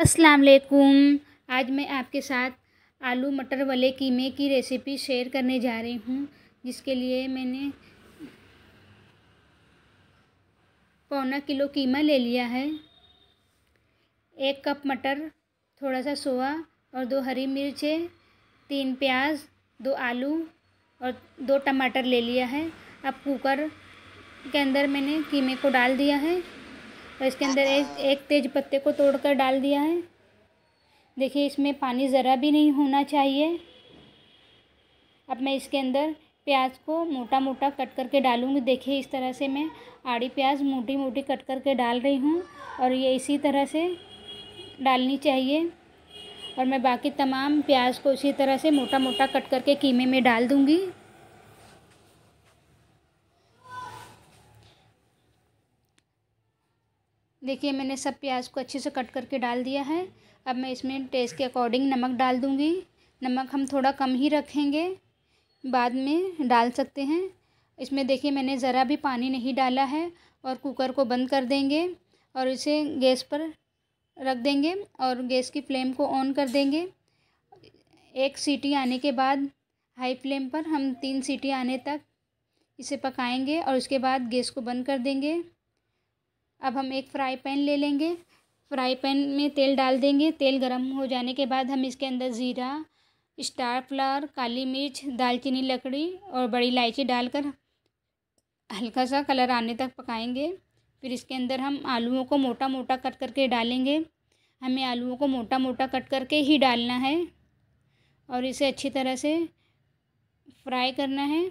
अस्सलाम वालेकुम आज मैं आपके साथ आलू मटर वाले कीमे की रेसिपी शेयर करने जा रही हूँ जिसके लिए मैंने पौना किलो कीमा ले लिया है एक कप मटर थोड़ा सा सोआ और दो हरी मिर्चें तीन प्याज दो आलू और दो टमाटर ले लिया है अब कुकर के अंदर मैंने कीमे को डाल दिया है और इसके अंदर एक एक तेज पत्ते को तोड़कर डाल दिया है देखिए इसमें पानी ज़रा भी नहीं होना चाहिए अब मैं इसके अंदर प्याज को मोटा मोटा कट करके डालूंगी देखिए इस तरह से मैं आड़ी प्याज मोटी मोटी कट करके डाल रही हूँ और ये इसी तरह से डालनी चाहिए और मैं बाकी तमाम प्याज को इसी तरह से मोटा मोटा कट करके कीमे में डाल दूँगी देखिए मैंने सब प्याज को अच्छे से कट करके डाल दिया है अब मैं इसमें टेस्ट के अकॉर्डिंग नमक डाल दूँगी नमक हम थोड़ा कम ही रखेंगे बाद में डाल सकते हैं इसमें देखिए मैंने ज़रा भी पानी नहीं डाला है और कुकर को बंद कर देंगे और इसे गैस पर रख देंगे और गैस की फ्लेम को ऑन कर देंगे एक सीटी आने के बाद हाई फ्लेम पर हम तीन सीटी आने तक इसे पकाएंगे और उसके बाद गैस को बंद कर देंगे अब हम एक फ्राई पैन ले लेंगे फ्राई पैन में तेल डाल देंगे तेल गर्म हो जाने के बाद हम इसके अंदर ज़ीरा स्टार फ्लावर काली मिर्च दालचीनी लकड़ी और बड़ी इलायची डालकर हल्का सा कलर आने तक पकाएंगे फिर इसके अंदर हम आलूओं को मोटा मोटा कट करके डालेंगे हमें आलूओं को मोटा मोटा कट करके ही डालना है और इसे अच्छी तरह से फ्राई करना है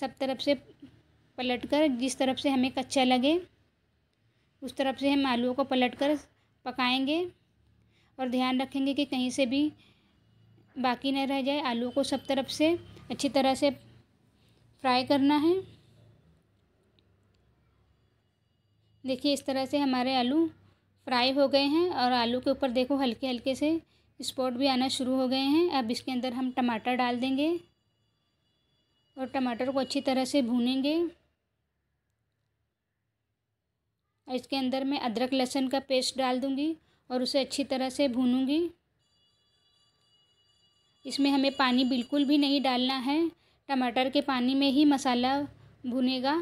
सब तरफ से पलट कर जिस तरफ से हमें कच्चा लगे उस तरफ से हम आलू को पलट कर पकाएँगे और ध्यान रखेंगे कि कहीं से भी बाकी न रह जाए आलू को सब तरफ से अच्छी तरह से फ्राई करना है देखिए इस तरह से हमारे आलू फ्राई हो गए हैं और आलू के ऊपर देखो हल्के हल्के से स्पॉट भी आना शुरू हो गए हैं अब इसके अंदर हम टमाटर डाल देंगे और टमाटर को अच्छी तरह से भूनेंगे और इसके अंदर मैं अदरक लहसुन का पेस्ट डाल दूँगी और उसे अच्छी तरह से भूनूँगी इसमें हमें पानी बिल्कुल भी नहीं डालना है टमाटर के पानी में ही मसाला भुनेगा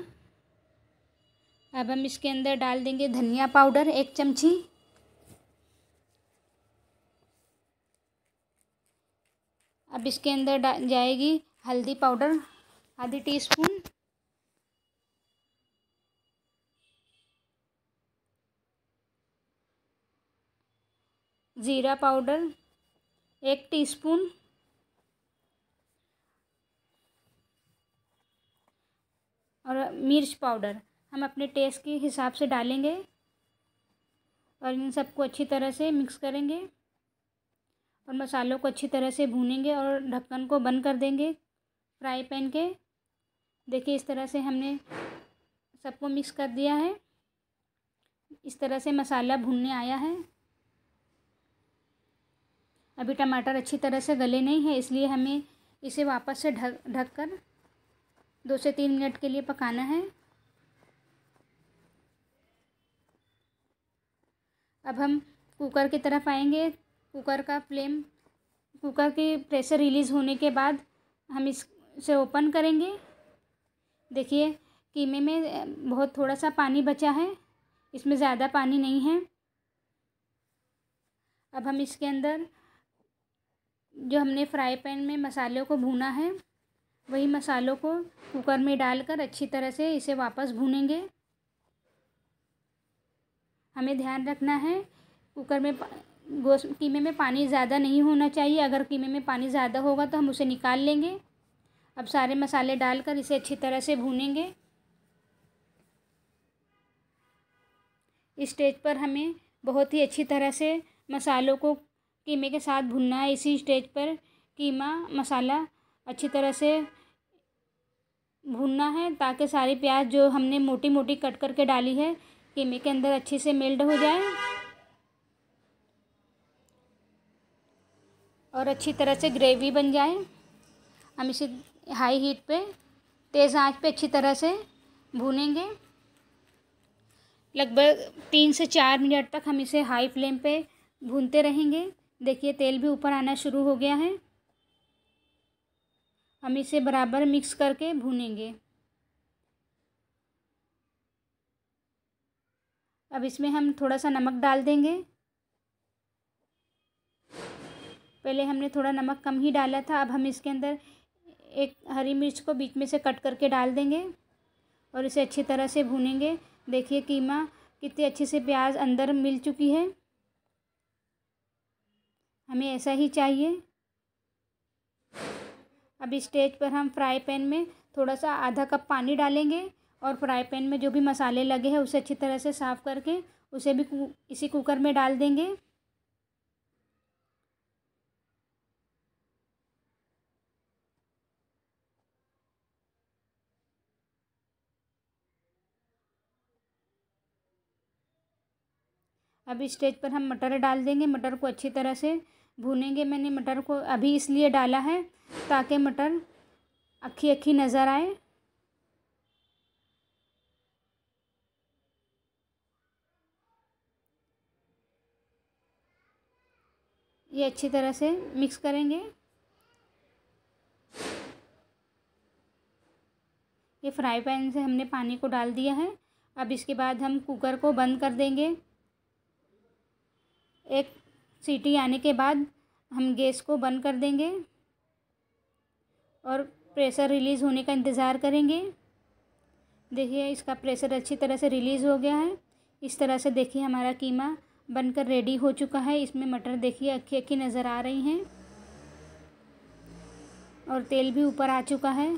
अब हम इसके अंदर डाल देंगे धनिया पाउडर एक चमची अब इसके अंदर जाएगी हल्दी पाउडर आधी टीस्पून जीरा पाउडर एक टीस्पून और मिर्च पाउडर हम अपने टेस्ट के हिसाब से डालेंगे और इन सबको अच्छी तरह से मिक्स करेंगे और मसालों को अच्छी तरह से भूनेंगे और ढक्कन को बंद कर देंगे फ्राई पैन के देखिए इस तरह से हमने सबको मिक्स कर दिया है इस तरह से मसाला भूनने आया है अभी टमाटर अच्छी तरह से गले नहीं है इसलिए हमें इसे वापस से ढक ढक कर दो से तीन मिनट के लिए पकाना है अब हम कुकर की तरफ आएंगे कुकर का फ्लेम कुकर के प्रेशर रिलीज़ होने के बाद हम इसे ओपन करेंगे देखिए कीमे में बहुत थोड़ा सा पानी बचा है इसमें ज़्यादा पानी नहीं है अब हम इसके अंदर जो हमने फ्राई पैन में मसालों को भूना है वही मसालों को कुकर में डालकर अच्छी तरह से इसे वापस भूनेंगे हमें ध्यान रखना है कुकर में गोश कीमे में पानी ज़्यादा नहीं होना चाहिए अगर कीमे में पानी ज़्यादा होगा तो हम उसे निकाल लेंगे अब सारे मसाले डालकर इसे अच्छी तरह से भूनेंगे इस स्टेज पर हमें बहुत ही अच्छी तरह से मसालों को कीमे के साथ भुनना है इसी स्टेज पर कीमा मसाला अच्छी तरह से भूनना है ताकि सारी प्याज जो हमने मोटी मोटी कट करके डाली है कीमे के अंदर अच्छे से मेल्ट हो जाए और अच्छी तरह से ग्रेवी बन जाए हम इसे हाई हीट पे तेज़ आंच पे अच्छी तरह से भूनेंगे लगभग तीन से चार मिनट तक हम इसे हाई फ्लेम पे भूनते रहेंगे देखिए तेल भी ऊपर आना शुरू हो गया है हम इसे बराबर मिक्स करके भूनेंगे अब इसमें हम थोड़ा सा नमक डाल देंगे पहले हमने थोड़ा नमक कम ही डाला था अब हम इसके अंदर एक हरी मिर्च को बीच में से कट करके डाल देंगे और इसे अच्छी तरह से भूनेंगे देखिए कीमा कितनी अच्छे से प्याज अंदर मिल चुकी है हमें ऐसा ही चाहिए अब स्टेज पर हम फ्राई पैन में थोड़ा सा आधा कप पानी डालेंगे और फ्राई पैन में जो भी मसाले लगे हैं उसे अच्छी तरह से साफ़ करके उसे भी इसी कुकर में डाल देंगे अब स्टेज पर हम मटर डाल देंगे मटर को अच्छी तरह से भूनेंगे मैंने मटर को अभी इसलिए डाला है ताकि मटर अक्खी अक्खी नज़र आए ये अच्छी तरह से मिक्स करेंगे ये फ्राई पैन से हमने पानी को डाल दिया है अब इसके बाद हम कुकर को बंद कर देंगे एक सीटी आने के बाद हम गैस को बंद कर देंगे और प्रेशर रिलीज़ होने का इंतज़ार करेंगे देखिए इसका प्रेशर अच्छी तरह से रिलीज़ हो गया है इस तरह से देखिए हमारा कीमा बनकर रेडी हो चुका है इसमें मटर देखिए अक्खी अक्खी नज़र आ रही हैं और तेल भी ऊपर आ चुका है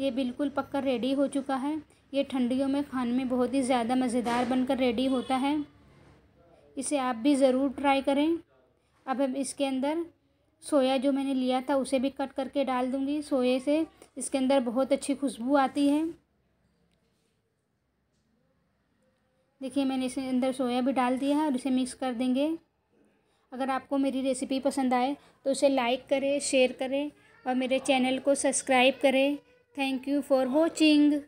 ये बिल्कुल पककर रेडी हो चुका है ये ठंडियों में खाने में बहुत ही ज़्यादा मज़ेदार बनकर रेडी होता है इसे आप भी ज़रूर ट्राई करें अब हम इसके अंदर सोया जो मैंने लिया था उसे भी कट करके डाल दूंगी सोए से इसके अंदर बहुत अच्छी खुशबू आती है देखिए मैंने इसके अंदर सोया भी डाल दिया है और इसे मिक्स कर देंगे अगर आपको मेरी रेसिपी पसंद आए तो उसे लाइक करें शेयर करें और मेरे चैनल को सब्सक्राइब करें थैंक यू फॉर वॉचिंग